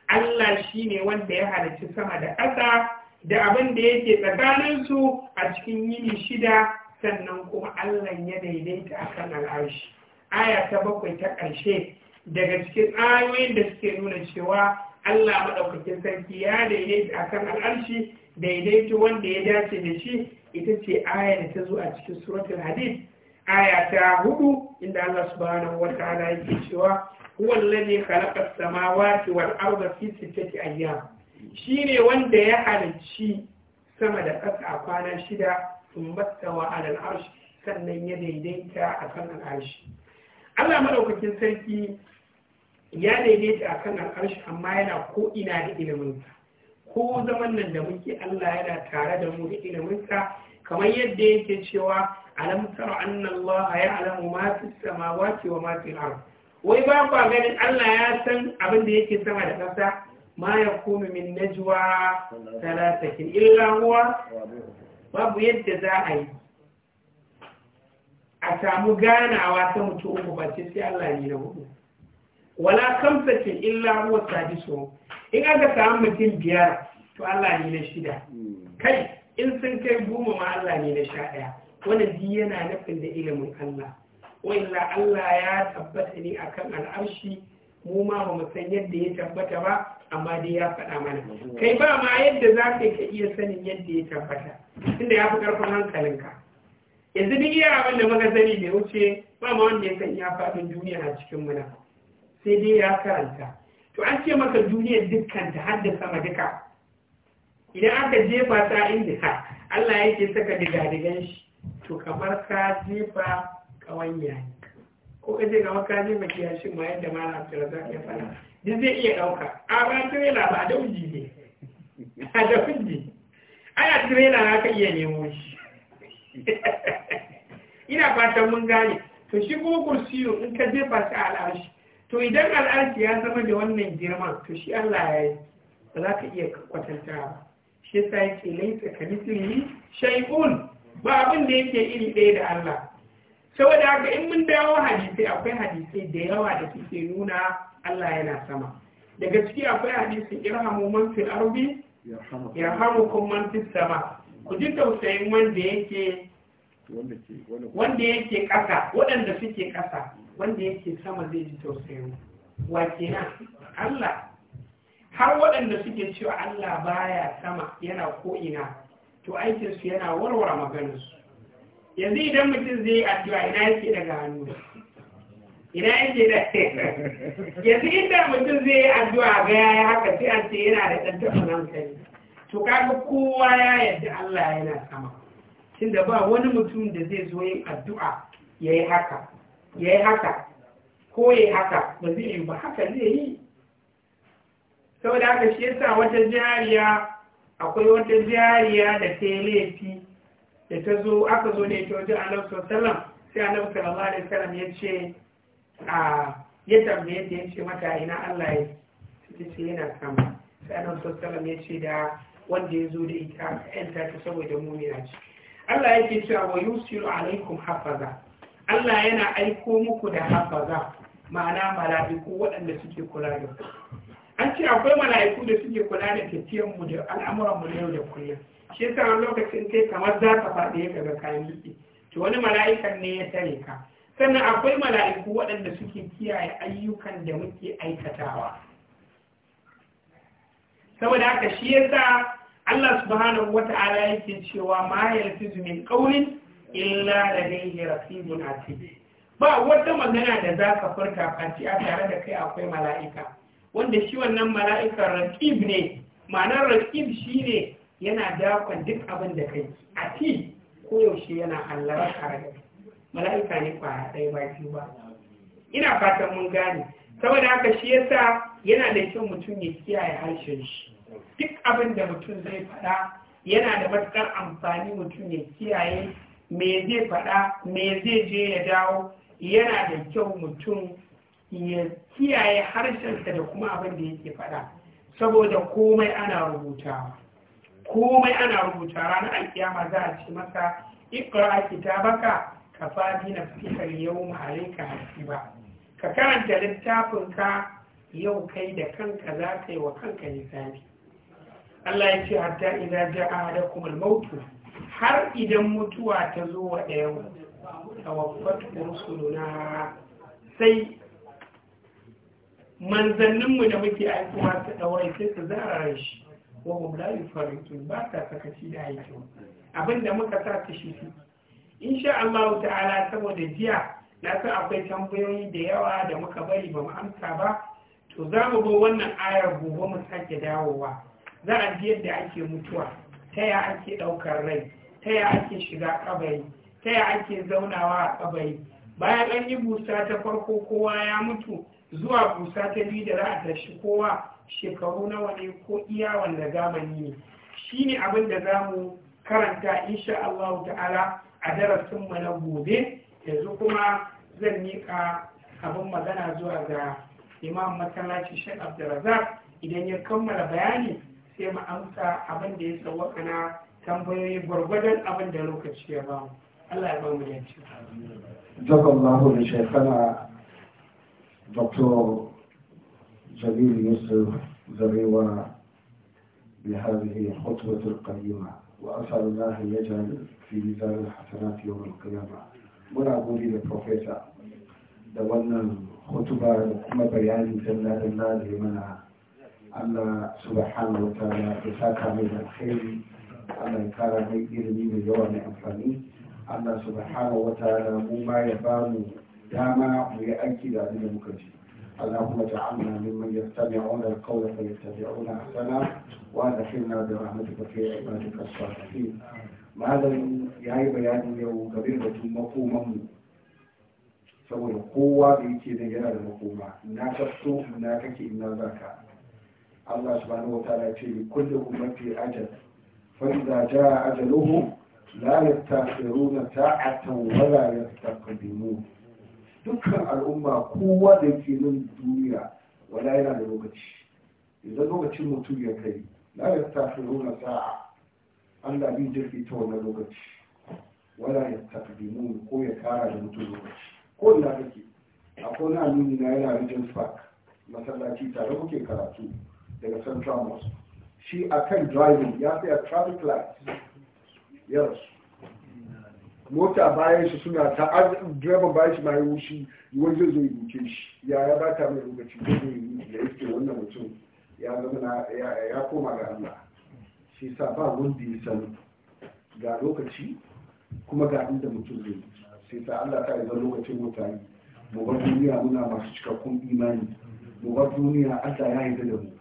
Allah shi ne wanda ya halarci sama da ƙasa da abin da yake tsakaninsu a cikin yini shida sannan kuma Allah ya daidaita a kan al'arshi. Aya ta bakwai ta ƙarshe daga cikin ayoyin da suke nuna cewa Allah maɗaukakin sarki ya daidaita a kan al'arshi wanda ya dace da shi ita ce aya da ta zo a cikin suratul hadid aya ta hudu inda Allah subhanahu wa ta'ala yake cewa huwa allazi khalaqa as-samawati wal arda fi sittati ayyam shine wanda ya halarci sama da ƙasa a kwana shida sun battawa alal arshi sannan ya daidaita a kan al'arshi Allah maɗaukakin sarki ya daidaita a kan al'arshi amma yana ko ina da iliminsa ko zaman nan da muke Allah yana tare da mu da iliminsa kamar yadda yake cewa alam tara anna Allah ya'lamu ma fis samawati wa ma wai ba kwa ganin Allah ya san abin da yake sama da ƙasa ma ya kunu min najwa talatakin illa huwa babu yadda za a yi a samu ganawa ta mutu uku ba ce sai Allah ne na hudu wala kamsakin illa huwa sadiso in aka samu mutum biyar to Allah ne na shida kai in sun kai goma ma Allah ne na sha ɗaya wannan yana nufin da ilimin Allah wa'illa Allah ya tabbata ne akan al'arshi mu ma ba mu san yadda ya tabbata ba amma dai ya faɗa mana kai ba ma yadda za ka ka iya sanin yadda ya tabbata tunda ya fi ƙarfin hankalinka yanzu duk iya abin da muka sani bai wuce ba ma wanda ya san ya faɗin duniya a cikin muna sai dai ya karanta to an ce maka duniyar dukkanta har da sama duka idan aka jefa ta inda Allah yake saka diga-digan shi to kamar ka jefa kawanya ne ko ka kaje ga makaji makiyashin ma yadda malam abdulrazak ya fara duk zai iya ɗauka a ba tirela ba dauji ne a dauji ana tirela na ka iya nemo shi (laughs) ina fatan mun gane to shi kuma kursiyo in ka jefa shi a al'arshi to idan al'arshi ya zama da wannan girman to shi allah ya yi ba za ka iya kwatanta ba shi yasa yake laisa ka mislihi shay'un ba abin da yake iri ɗaya da allah saboda haka in mun dawo hadisai akwai hadisai da yawa da suke nuna Allah yana sama daga ciki akwai hadisi irhamu man fil ardi kum man fis sama ku ji tausayin wanda yake wanda yake kasa waɗanda suke ƙasa wanda yake sama zai ji tausayin wa kenan Allah har waɗanda suke cewa Allah baya sama yana ko ina to aikinsu yana warware maganarsu yanzu idan mutum zai yi addu'a ina yake daga hannu ina yake da yanzu idan mutum zai yi addu'a ga yaya haka sai an ce yana da ɗan taɓa kai to kaga kowa ya yadda Allah yana sama da ba wani mutum da zai zo yin addu'a ya yi haka ya yi haka ko ya yi haka ba zai yi ba haka zai yi saboda haka shi yasa wata jariya akwai wata jariya da ta yi laifi da ta zo aka zo ne ta wajen annabi sallallahu sai annabi sallallahu alaihi wasallam ya ce a ya tambaye ta ya ce mata ina Allah ya ta ce yana sama sai annabi sallallahu alaihi ya ce da wanda ya zo da ita ƴan ta saboda mumina ce Allah yake cewa wa yusiru alaikum hafaza Allah yana aiko muku da hafaza ma'ana mala'iku waɗanda suke kula da ku an ce akwai mala'iku da suke kula da tafiyan mu da al'amuran mu na yau da kullum shi yasa wani lokacin kai kamar za ka faɗi ya ga kayan miƙe to wani mala'ikan ne ya tare ka sannan akwai mala'iku waɗanda suke kiyaye ayyukan da muke aikatawa saboda haka shi yasa Allah subhanahu wata'ala yake cewa ma yalfizu min qawlin illa ladayhi raqibun atid ba wata magana da za ka furta kanci a tare da kai akwai mala'ika wanda shi wannan mala'ikan raqib ne ma'anar raqib ne. yana dakon duk abin da kai a ti koyaushe yana hallar karaga mala'ika ne kwaya ɗaya ba biyu ba ina fatan mun gane saboda haka shi yasa yana da kyau mutum ya kiyaye harshen shi duk abin da mutum zai faɗa yana da matuƙar amfani mutum ya kiyaye me zai faɗa me zai je ya dawo yana da kyau mutum ya kiyaye harshensa da kuma abin da yake faɗa saboda komai ana rubutawa komai ana rubuta ranar alkiyama za a ce masa ikra kitabaka ka fadi na fikar yau ma'alaika ba ka karanta littafinka yau kai da kanka za ka yi wa kanka nisabi Allah ya ce hatta idan ja'a da kuma mautu har idan mutuwa ta zo wa ɗaya, ɗayan tawaffat rusuluna sai manzanninmu da muke aikowa ta ɗaure sai su zarare shi wa hum la yufarritun ba ta sakaci da aikin abinda muka sa ta shi sha Allah ta'ala saboda jiya na san akwai tambayoyi da yawa da muka bari ba mu amsa ba to za mu bi wannan ayar gobe mu sake dawowa za a ji yadda ake mutuwa ta ya ake ɗaukar rai ta ya ake shiga kabari ta ya ake zaunawa a kabari bayan an yi busa ta farko kowa ya mutu zuwa busa ta biyu da za a tashi kowa shekaru nawa ne ko iya wanda zamani ne shi ne abin da za mu karanta insha Allah ta'ala a mu na gobe yanzu kuma zan miƙa abin magana zuwa ga imam masallaci shek abdulrazak idan ya kammala bayani sai mu amsa abin da ya sauwaka na tambayoyi gwargwadon abin da lokaci ya ba Allah ya ba mu yanci. Jazakallahu da shekara Dr. جليل مصر زغيوة بهذه الخطوة القيمة وأسأل الله أن يجعل في ميزان الحسنات يوم القيامة ولا أقول إلى البروفيسا دولنا الخطبة ما بيان جنة الله لمنع أن سبحانه وتعالى فساك من الخير أن يكار من إرمي من يوم أفاني أن سبحانه وتعالى مما يبان داما ويأكد من المكجين اللهم اجعلنا ممن يستمعون القول فيتبعون احسنا وادخلنا برحمتك في عبادك الصالحين. ما هذا يعني بيان يوم كبير بتم مقوما سوى القوة بيتي نجرى المقومة ناكسو ناكك إنا ذاك الله سبحانه وتعالى يتي لكل أمة أجل فإذا جاء أجلهم لا يتأخرون ساعة ولا يستقدمون dukkan al'umma kowa da yake nan duniya wala yana da lokaci idan lokacin mutum ya kai la ya tafi na sa'a an da bin jirgi ta wannan lokaci wala ya takdimu ko ya kara da mutum lokaci ko ina kake akwai na nuni na yana rijin park masallaci tare kuke karatu daga central mosque shi a kan driving ya a traffic light yes mota bayan shi suna ta direban bayan shi mai wushi wani zai buke ya shi ya ya ba ta mai lokaci da yi ya yake wannan mutum ya zama ya koma ga Allah shi sa ba wanda ya san ga lokaci kuma ga inda mutum zai sai sa Allah ta zama lokacin mutane mu bar duniya muna masu cikakkun imani mu bar duniya Allah ya yi da mu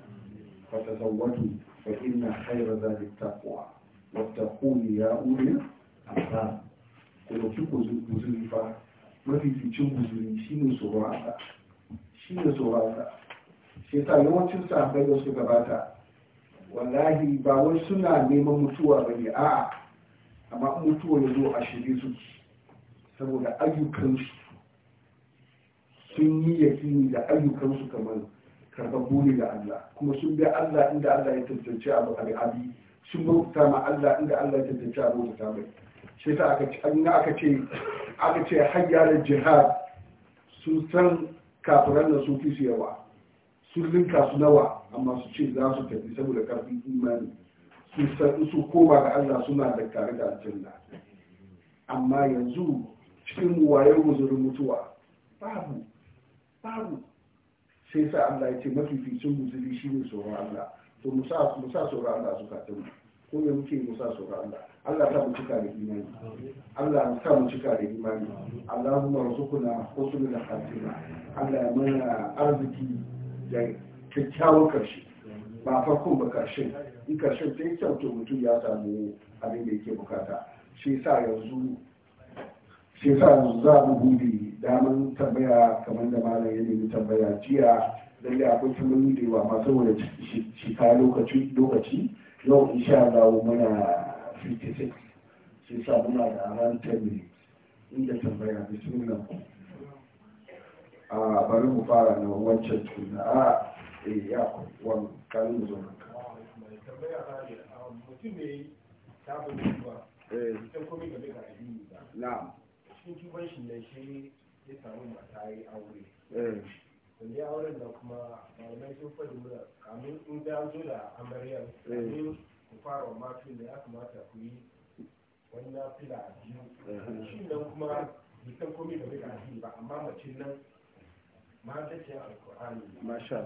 fa tazawwadu fa inna khayra zalika taqwa wattaquni ya ulil albab ku ɗauki guzuri fa mafificin guzuri shi ne tsoron shi ne tsoron Allah shi yasa yawancin sahabbai da suka gabata wallahi ba wai suna neman mutuwa ba ne a'a amma mutuwa ya zo a shirye su saboda ayyukansu sun yi yakini da ayyukansu kamar karɓar ne da Allah kuma sun bi Allah inda Allah ya tantance abu abi sun bauta ma Allah inda Allah ya tantance abu ta mai shi ta aka ce aka ce hanyar sun san kafiran da sun fi su yawa sun rinka su nawa amma su ce za su tafi saboda karfin imani su koma da Allah suna da tare da aljanna amma yanzu cikin wayar guzurin mutuwa babu babu sai sa Allah ya ce mafificin guzuri shi ne tsoron Allah to musa tsoron Allah su katin ko me muke musa so ga Allah Allah ta mu cika da imani Allah ta mu cika da imani Allahumma razuqna husnul khatima Allah ya mana arziki da kyakkyawan karshe ba farkon ba karshe in karshe sai yi to mutum ya samu abin da yake bukata shi sa yanzu shi sa yanzu za mu gudu daman tambaya kamar da malam ya nemi tambaya jiya lalle akwai yi da yawa masu wani shi lokaci lokaci yau insha Allah muna 56 sai sa muna da ran tabi inda tambaya bismillah a ah, bari mu fara na wancan tuna a ah, eh ya ku wan kan mu zo eh, tambaya ka mutum ne ta bude ba eh ta komai da daga addini ba na'am cikin kiban shi ne shi ya samu mata yi aure eh yanzu auren da kuma malamai sun faɗi mura kamin in da zo da amaryar kamin ku fara mafi da ya kamata ku yi wani na fila a biyu shi nan kuma bisan komi da rika addini ba amma mace nan ma ta ce alkur'ani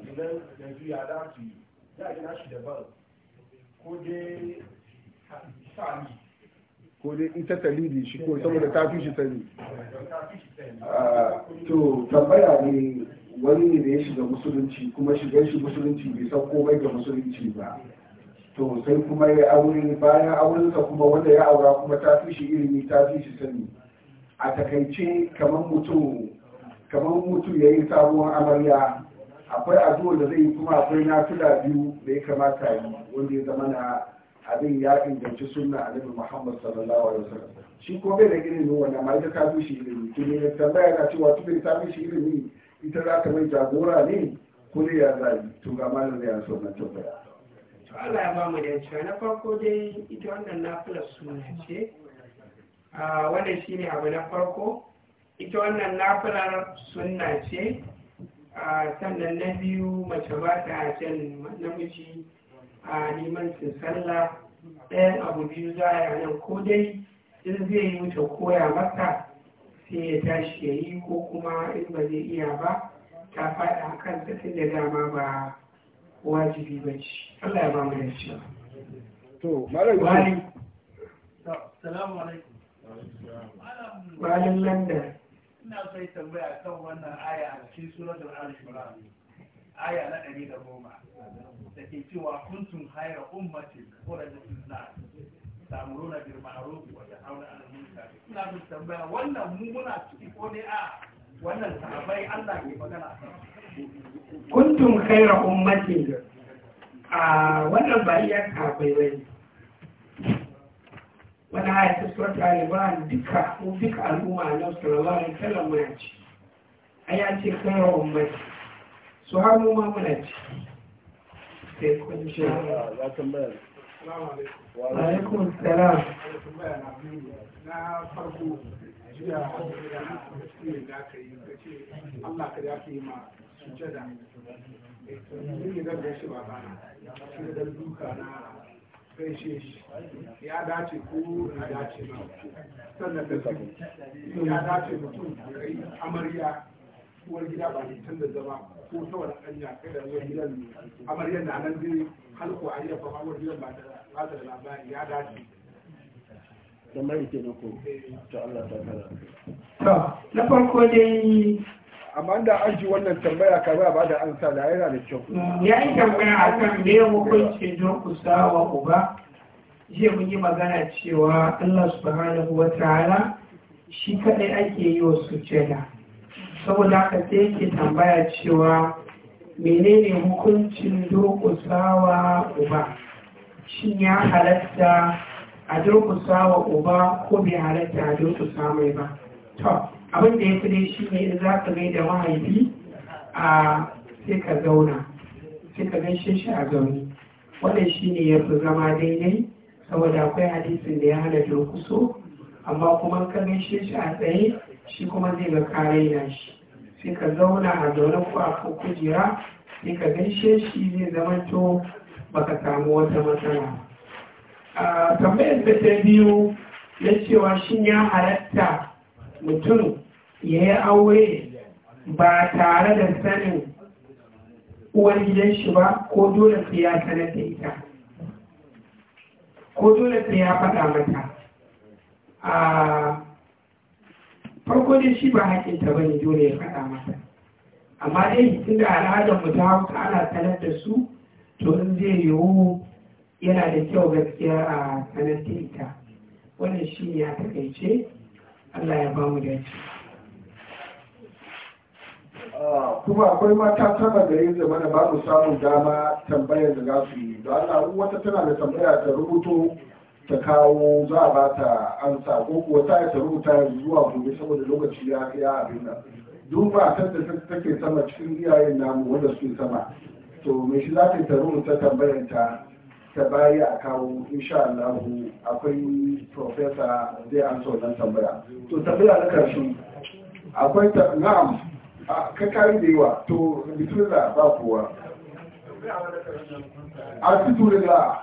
idan yanzu ya za su yi za a gina shi daban ko dai sami ko dai in ta talibi shi ko saboda ta fi shi sani ah, to tambaya ne wani ne da ya shiga musulunci kuma shigar shi musulunci bai san komai ga musulunci ba to sai kuma ya aure bayan aurensa kuma wanda ya aura kuma ta fi shi ilimi ta fi shi sani a takaice kamar mutum kamar mutum ya yi sabuwar amarya akwai addu'ar da zai yi kuma akwai na nafila biyu da ya kamata yi wanda ya zama na abin ya inganci sunna annabi Muhammad sallallahu alaihi wasallam shi ko bai da ilimin wannan ma ita ta fi shi ilimi to ya tambaya na cewa tun bai ta fi shi ilimi ita za ta mai jagora ne ko ne ya zai to ga malam ya so na ba to Allah ya ba mu da cewa na farko dai ita wannan nafilar suna ce wannan shine abu na farko ita wannan nafilar suna ce sannan na biyu mace ba ta jan namiji a neman su sallah ɗayan abu biyu za a nan ko dai in zai yi wuce koya masa sai ya tashi ya yi ko kuma in ba zai iya ba ta faɗa a kansa da dama ba wajibi ba ci. Allah ya ba mu yanci ba. to malam wali salamu alaikum malam landa ina sai tambaya kan wannan aya a cikin suratul al shura aya na ɗari da goma da ke cewa kuntum hayra ummatin da jikin ta'muruna bil ma'ruf wa tanhauna 'anil munkar ina mun tambaya wannan mu muna ciki ko ne a wannan sahabbai Allah ke magana kuntum khayra ummati a wannan bai ya sahabbai bai wani haya ta surat al-imran duka mu al-umma na sallallahu alaihi wasallam muna ci a ce khayra ummati su har mu ma muna ci sai kun ce za ta bayar Alaikun salam. Na farko jiya da mutum da aka yi ka ce Allah ka ya fi ma sujada. Yin yi zan ba ba na, shi da duka na gaishe shi. Ya dace ko na dace ba. Sannan da ya dace mutum da amarya uwar gida ba ne canza zama ko ta wani hanya kai da uwar gidan amaryar na nan dai halko a iya fama uwar gidan ba ta da labari ya dace da mai ke da ta Allah ta kara to na farko dai amma da an ji wannan tambaya kaza ba da an sa da yana da kyau ya yi tambaya a akan me ya hukunci don ku sa uba jiya mun yi magana cewa Allah subhanahu wa ta'ala shi kadai ake yi wa sujjada saboda aka sai yake tambaya cewa menene hukuncin durkusawa uba shin ya halatta a durkusawa uba ko bai halatta a durkusa mai ba to abin da ya fi dai shi ne in za ka mai da mahaifi a sai ka zauna sai ka gaishe shi a zaune wannan shi ne ya fi zama daidai saboda akwai hadisin da ya hana durkuso amma kuma ka gaishe shi a tsaye shi kuma zai ga ya shi sai ka zauna a zaune ko a kujera sai ka gaishe shi zai zama to baka samu wata matsala a tambayar da ta biyu na cewa shin ya halatta mutum ya yi aure ba tare da sanin uwar gidan shi ba ko dole sai ya sanar da ita ko dole sai ya faɗa mata farko dai shi ba haƙƙin ta bane dole ya faɗa mata amma dai tun da al'adar mu ta hauka ana sanar da su to in zai yiwu yana da kyau gaskiya a sanar da ita wannan shi ne a takaice allah ya ba mu shi. Ah, kuma akwai mata tana da yin zamana ba mu samun dama tambayar da za su yi don allah wata tana da tambaya ta rubuto ta kawo za a ba ta ansa ko kuwa ta ta rubuta zuwa gobe saboda lokaci ya ya abin nan duk ba ta da ke sama cikin iyayen namu wanda suke sama to me shi za ta ta rubuta tambayar ta ta bayi a kawo insha Allah akwai profesa zai ansa nan tambaya to tambaya na karshen akwai ta na'am ka kari da yawa to bismillah ba kowa a fito da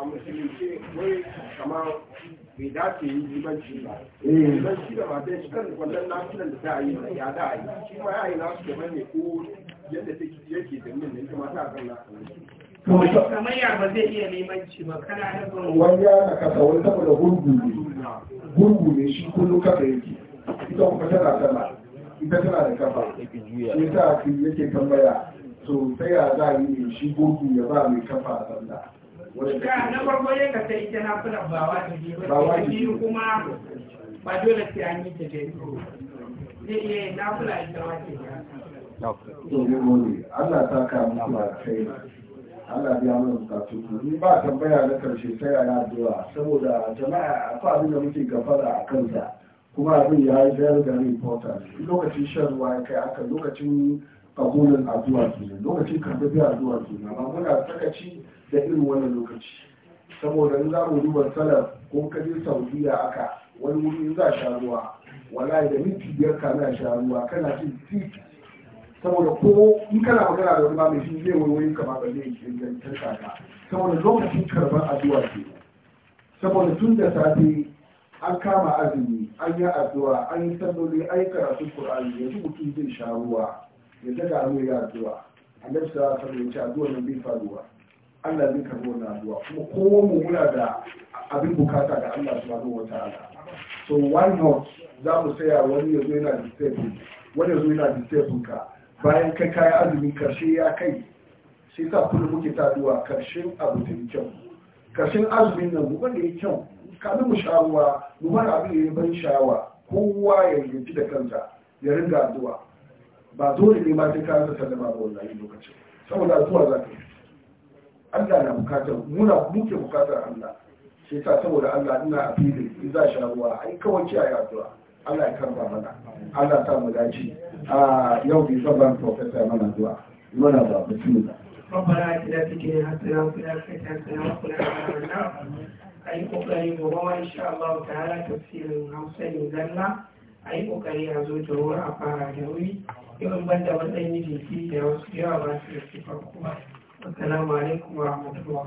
a musulunci wai kama bai dace yi limanci ba eh. limanci da matan shi kan kwallon nasunan da ta yi ya da yi shi ma ya yi nasu daban ne ko yadda take yake da min ne kuma ta kan nasu kamar ya ba zai iya limanci ba kana nufin wani ya na kasa wani saboda gurgu ne gurgu ne shi kullum kasa yake ita kuma tana sama ita tana da kafa shi ta yake tambaya so ta ya za yi ne shi gurgu ya ba mai kafa a sanda. ka na farko ne ka sai ita na fura ba wa ta je ba biyu kuma ba dole sai an yi ta je zai iya yin na fura ita wa ce Allah ta ka muku ba kai Allah biya mana bukatu ni ba tambaya na karshe sai ana addu'a saboda jama'a akwai abin da muke gafara a kansa kuma abin ya yi very very important lokacin shan ruwa ya kai aka lokacin kabulin addu'a kenan lokacin karɓar biya addu'a kenan amma muna sakaci da irin wannan lokaci saboda in za mu duba salaf ko ka je saudiya aka wani wuri in za sha ruwa wallahi da minti biyar kana sha ruwa kana jin tit saboda ko in kana magana da wani ma mai shi zai wani ka ba zai yi ingantar kaka saboda lokacin karɓar addu'a kenan saboda tun da safe an kama azumi an yi addu'a an yi salloli an yi karatun qur'ani yanzu mutum zai sha ruwa yadda ga hannu ya addu'a a sallallahu ya wasallam ya ce addu'a nan bin faruwa Allah zai karbi wani addu'a kuma kowa mummuna da abin bukata ga Allah wata ala. so why not za mu saya wani ya zo yana disturbing wani ya zo yana disturbing ka bayan kai kayan azumi karshe ya kai sai sa kullum muke taduwa karshen abu da kyau karshen azumin nan mu bane kyau, kyau kafin mu shawa mu mara abin da ya ban shawa kowa ya yanki da kansa ya ringa addu'a ba dole ne ma sai ka sallama ba wallahi lokacin saboda zuwa za ka Allah na bukatar muna muke bukatar Allah sai ta saboda Allah ina a filin in za sha ruwa ai kawai ki ayi zuwa, Allah ya karba mana Allah ta mu dace a yau bi sabban professor mana addu'a mana ba bismillah ربنا اتنا في الدنيا حسنه وفي الاخره حسنه وقنا عذاب النار اي kokari gobe wa insha Allah ta'ala tafsirin Hausa ne zalla ai kokari a zo ta a fara da wuri assalamu alaikum wa rahmatullah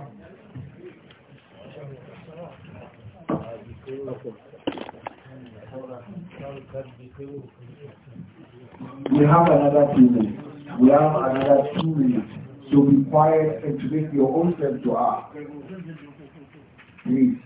We have another two minutes. We have another two minutes. So be quiet and to make your own self to ask. Please.